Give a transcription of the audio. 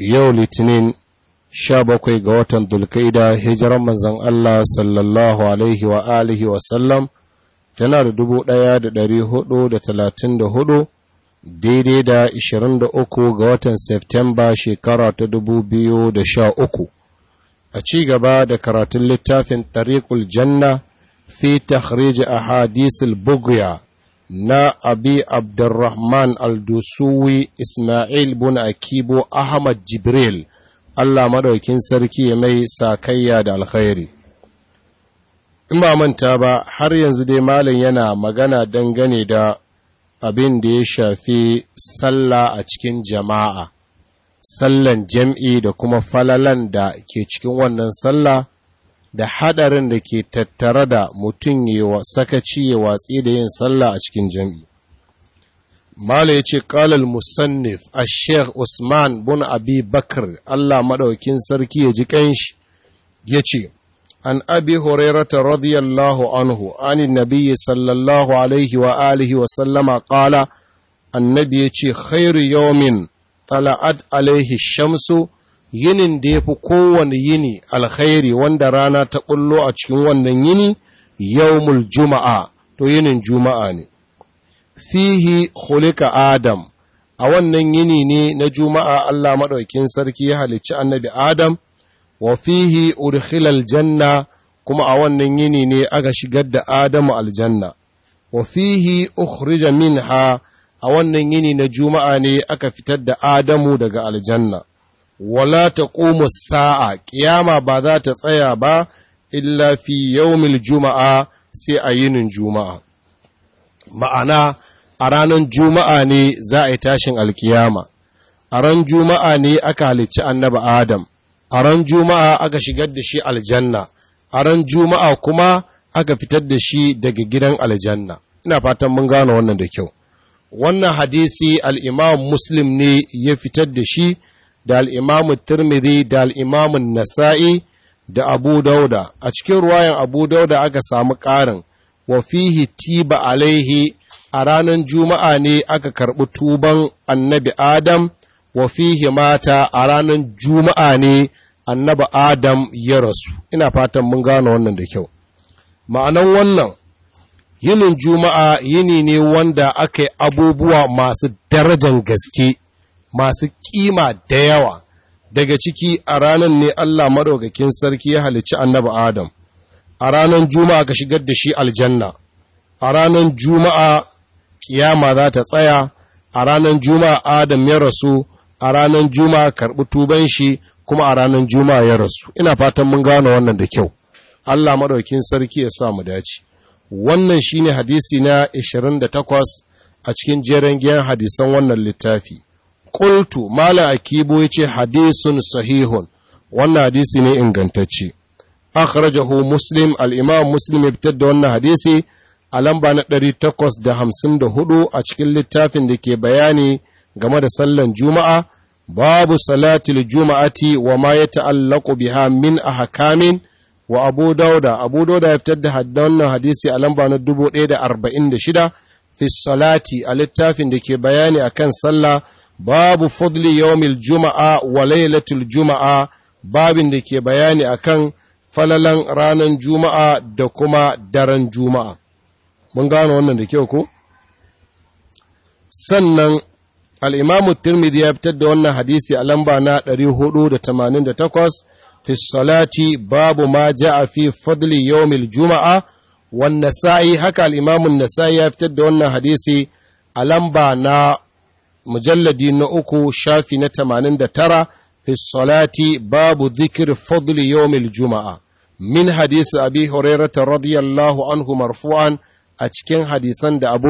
yau litinin sha bakwai ga watan dulkaida hijiran manzan Allah sallallahu alaihi wa alihi wasallam tana da dubu ɗaya da dari hudu da talatin da hudu daidai da ishirin da uku ga watan Septemba shekara ta dubu biyu da sha uku a ci gaba da karatun littafin tariqul janna fi tahrij ahadisul bugya na abi abdurrahman al-dusuwi ismail bin akibo ahmad jibril allah maɗaukin sarki mai sakayya da alkhairi in ba manta ba har yanzu dai malin yana magana dangane da abin da ya shafi sallah a cikin jama'a sallan jam'i da kuma falalan da ke cikin wannan sallah da hadarin da ke tattare da mutum yawa sakaci ya watsi da yin sallah a cikin jami'i. Mala ya ce, Kalal Musannif, a Sheikh Usman bin Abi Bakr, Allah maɗaukin sarki ya ji ƙanshi, ya ce, An abi horerata radiyallahu anhu, anin nabiyyi sallallahu alaihi wa alihi wa sallama ƙala, annabi ya ce, Khairu yawmin, tala'at alaihi shamsu, yinin da ya fi kowane yini alkhairi wanda rana ta ƙullo a cikin wannan yini yawmul juma'a to yinin juma'a ne fihi hulika adam a wannan yini ne na juma'a Allah maɗaukin sarki ya halicci annabi adam wa fihi urkhilal janna kuma a wannan yini ne aka shigar da adamu aljanna wa fihi ukhrija minha a wannan yini na juma'a ne aka fitar da adamu daga aljanna wala kuma sa'a ƙiyama ba za ta tsaya ba illa fi yawmil juma'a sai a yinin juma'a ma'ana a ranar juma'a ne za a yi tashin alkiyama a ran juma'a ne aka halicci annabi adam a ran juma'a aka shigar da shi aljanna a ran juma'a kuma aka fitar da shi daga gidan aljanna ina fatan mun gane wannan da kyau wannan hadisi al'imam muslim ne ya fitar da shi da al'imamu turmidi da al’imamu nasa'i da abu dauda a cikin ruwayan abu dauda aka samu ƙarin wa fihi tiba alaihi a ranar juma'a ne aka karɓi tuban annabi adam wa fihi mata a ranar juma'a ne annabi adam ya rasu ina fatan mun gane wannan da kyau ma'anan wannan yinin juma'a yini ne wanda aka yi abubuwa masu darajan gaske masu kima da yawa daga ciki a ranar ne Allah madaukakin sarki ya halicci annabi Adam a ranar juma'a ka shigar da shi aljanna a ranar juma'a kiyama za ta tsaya a ranar juma'a Adam ya rasu a ranar juma'a karɓi tuban shi kuma a ranar juma'a ya rasu ina fatan mun gano wannan da kyau Allah madaukakin sarki ya sa mu dace wannan shine hadisi na 28 a cikin jeren giyan hadisan wannan littafi Kultu, Malam Akibo yace ce hadisun sahihun, wannan hadisi ne ingantacce. Akhrajahu Muslim, al'imam Muslim ya fitar da wannan hadisi a lamba na 854 a cikin littafin da ke bayani game da sallan Juma'a, babu salatil Juma'ati wa ma ya ta'allaku biha min a wa Abu Dauda, Abu Dauda ya fitar da wannan hadisi a lamba na 1046 fi salati a littafin da ke bayani akan sallah babu fadli yawmil juma'a wa laylatul juma'a babin da ke bayani akan falalan ranar juma'a da kuma daren juma'a mun gano wannan da kyau ko sannan at-tirmidhi ya fitar da wannan hadisi a lamba na 488 fi salati babu ma ja'a fi fadli yawmil juma'a wan nasa'i? haka an nasa'i ya fitar da wannan hadisi a lamba na mujalladi na uku shafi na tamanin da tara fi babu zikir fadli yawmil juma'a min hadisi abi hurairata radiyallahu anhu marfu'an a cikin hadisan da abu